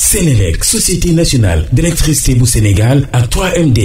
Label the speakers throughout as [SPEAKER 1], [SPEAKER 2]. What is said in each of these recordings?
[SPEAKER 1] Sénélec société nationale d'électricité bu Sénégal ak 3MD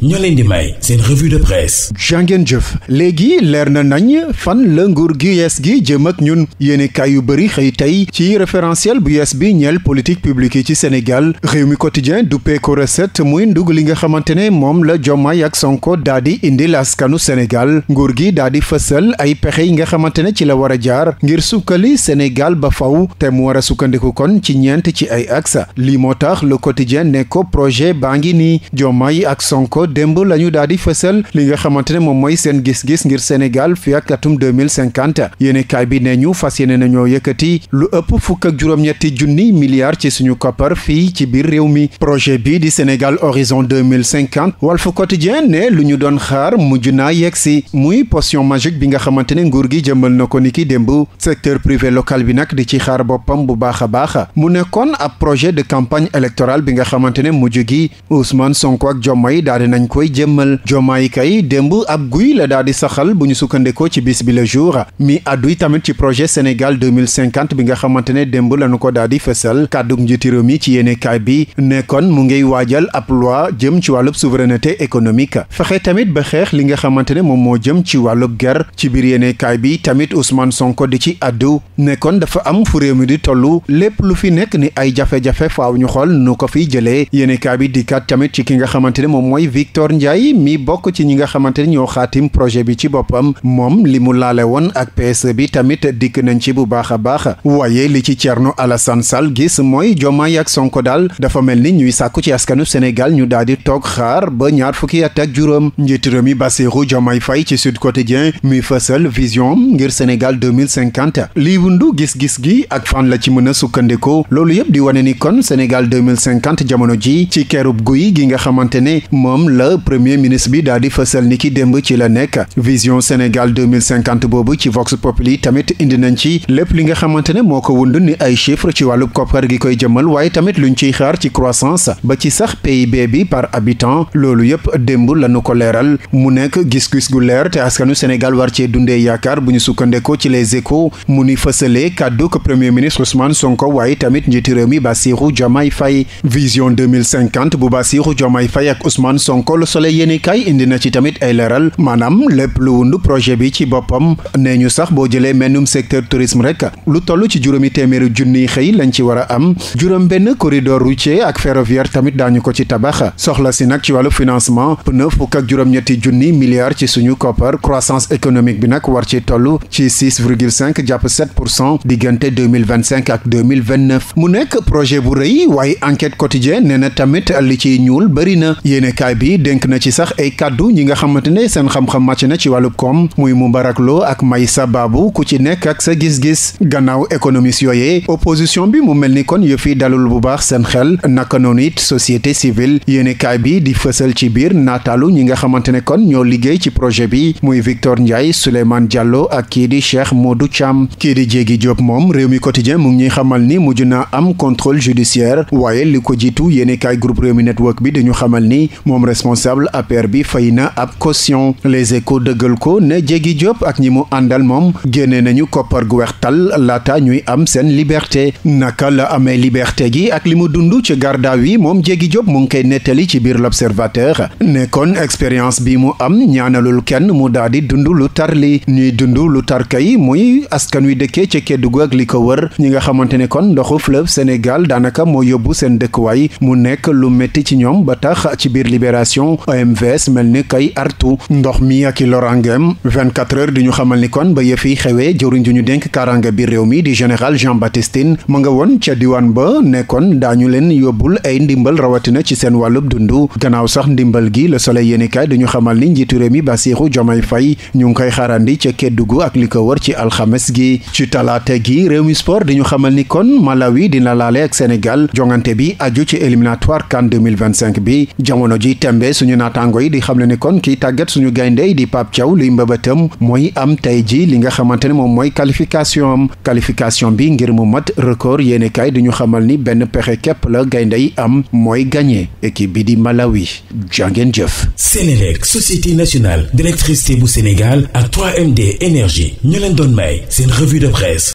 [SPEAKER 1] ñoo leen di may seen revue de presse jàngeen jëf léegi leer na nañ fan la nguur gi yees gi jëm ak ñun yéene yu bëri xëy tey ci référentiel bu yees bi ñeel politique publique yi ci Sénégal réew mi quotidien duppee ko recette muy ndug li nga xamante ne moom la Diomaye ak Sonko daa di indi laskanu Sénégal nguur gi daa di fësal ay pexe yi nga xamante ne ci la war a jaar ngir sukkali Sénégal ba faw te mu war a sukkandiku kon ci ñeent ci ay ay axe lii moo tax le quotidien ne ko projet baa ngi nii Diomaye ak Sonko démb la ñu daal di fësal li nga xamante ne moom mooy seen gis-gis ngir Sénégal fi ak atum 2050 yéene kaay bi ne ñu fas yéene nañoo yëkkati lu ëpp fukk ak juróom-ñetti junni milliards ci suñu koppar fii ci biir réew mi projet bi di Sénégal horizon 2050 Walf Quotidien ne lu ñu doon xaar mujj naa yegsi muy potion magique bi nga xamante ne nguur gi jëmmal na ko ni ki démb secteur privé local bi nag di ci xaar boppam bu baax a baax projet de campagne électorale bi nga xamante ne mujj gi Ousmane Sonko ak Diomaye daal nañ koy jëmmal Diomaye kay démb ab guy la daal di saxal bu ñu sukkandikoo ci bis bi jour mi adduy tamit ci projet Sénégal 2050 bi nga xamante ne démb lañu ko daal di fësal kàddug njiitu réew mi ci bi nekkoon mu ngiy waajal ab jëm ci wàllub souveraineté économique fexe tamit ba xeex li nga xamante ne moom moo jëm ci wàllub ger ci biir yeneekaay bi tamit Ousmane Sonko di ci addu nekkoon dafa am fu réew mi di tollu lépp lu fi nekk ni ay jafe-jafe faaw ñu xool nu ko fiy jëlee yéenekaay bi dikkaat tamit ci ki nga xamante ne moom mooy Victor Ndiaye mi bokk ci ñi nga xamante ne ñoo xaatim projet bi ci boppam moom li mu laale woon ak PSE bi tamit dikk nañ ci bu baax a baax waaye li ci Thierno Alassane Sall gis mooy Diomaye ak Sonko daal dafa mel ni ñuy sàkku ci askanu Sénégal ñu daal di toog xaar ba ñaar fukki at ak juróom njiitu réew mi Bassirou Diomaye Faye ci Sud Quotidien mi fësal vision ngir Sénégal 2050 liiwundu gis-gis gi ak fan la ci mën a sukkandikoo loolu yëpp wane ni kon Sénégal 2050 jamono ji ci kerub guy gi nga xamante ne moom la premier ministre bi daal di fësal ni ki démb ci la nekk vision Sénégal 2050 boobu ci Vox li tamit indi nañ ci lépp li nga xamante ne moo ko wund ni ay chiffres ci wàllu koppar gi koy jëmal waaye tamit lu ñu ciy xaar ci croissance ba ci sax PIB bi par habitant loolu yëpp démb lañu ko leeral mu nekk gis-gis gu leer te askanu Sénégal war cee dundee yaakaar bu ñu sukkandekoo ci les échos mu ni fësalee kàddu ko premier ministre Ousmane Sonko waaye tamit njiiti réew bi Bassirou Diomaye vision 2050 bu Bassirou Diomaye Faye ak Ousmane Sonko Le Soleil yéeni kaay indi na ci tamit ay leeral maanaam lépp lu wund projet bi ci boppam nee ñu sax boo jëlee mennum secteur tourisme rek lu toll ci juróomi téeméeri junniy xëy lañ ci war a am juróom benn corridor routier ak ferroviaire tamit daañu ko ci tabax soxla si nag ci wàllu financement pneu fukk ak juróom-ñetti junni milliards ci suñu koppar croissance économique bi nag war ci toll ci 6 virgule 5 jàpp 7 pour cent diggante 2025 ak 2029 mu nekk projet bu rëy waaye enquête quotidienne nee na tamit li ci ñuul bëri na yéenekaay bi dénk na ci sax ay kàddu ñi nga xamante ne seen xam-xam màcc na ci wàllu koom muy Moubarak Lo ak Maysa baabu ku ci nekk ak sa gis-gis gannaaw économiste yooyee opposition bi mu mel ni kon yëf yi dalul bu baax seen xel naka noonu it société civile yéenekaay bi di fësal ci biir naataalu ñi nga xamante ne kon ñoo liggéey ci projet bi muy Victor Ndiaye Souleymane Diallo ak kii di Cheikh Modou Cham kii di Jéegi Diop moom réew mi quotidien mu contrôle judiciaire waaye li ko jiitu yéenekaay groupe Rewmi Network bi dañu xamal ni moom responsable APR bi fay na ab caution les échos dëggal ko ne Jéggi Diop ak ñi mu àndal moom génne nañu koppar gu wextal laata ñuy am seen liberté naka la amee liberté gi ak li mu dund ci gardaa yi moom Jéggi Diop mu ngi koy nettali ci biir l'Observateur ne kon expérience bi mu am ñaanalul kenn mu daal di dund lu tar li ñuy dund lu tar kay muy askan wi dëkkee ci Kédougou ak li ko Sénégal daanaka moo yóbbu seen dëkkuwaay mu nekk lu métti ci ñoom ba tax ci biir libération OMVS mel ni kay artu ndox mi ak i lorangeem 24 heures di ñu xamal ni kon ba yëfi xewee jëwriñ ju ñu dénk kaaraange biir réew mi di général Jean Baptiste Tine ma nga woon ca diwaan ba nekkoon daañu leen yóbbul ay ndimbal rawatina ci seen wàllub dund gannaaw sax ndimbal gi la Soleil yéenekaay dañu xamal ni njiitu réew mi Bassirou Diomaye Faye ñu ngi koy xaarandi ca Kédougou ak li ko wër gi ci boole ak Sénégal jongante bi aju ci éliminatoire CAN 2025 bi jamono ji tembe suñu naataango yi di xam ne ni kon kii tàggat suñu gayndey di Pape Thiaw luy mbëbëtam mooy am tey ji li nga xamante ne moom mooy qualification qualification bi ngir mu mat record yéene kaay ñu xamal ni benn pexe képp la gayndey am mooy gagné équipe bi di Malawi jàngeen jëf Sénélec société nationale d'électricité bu Sénégal ak 3MD énergie ñu leen doon may seen revue de presse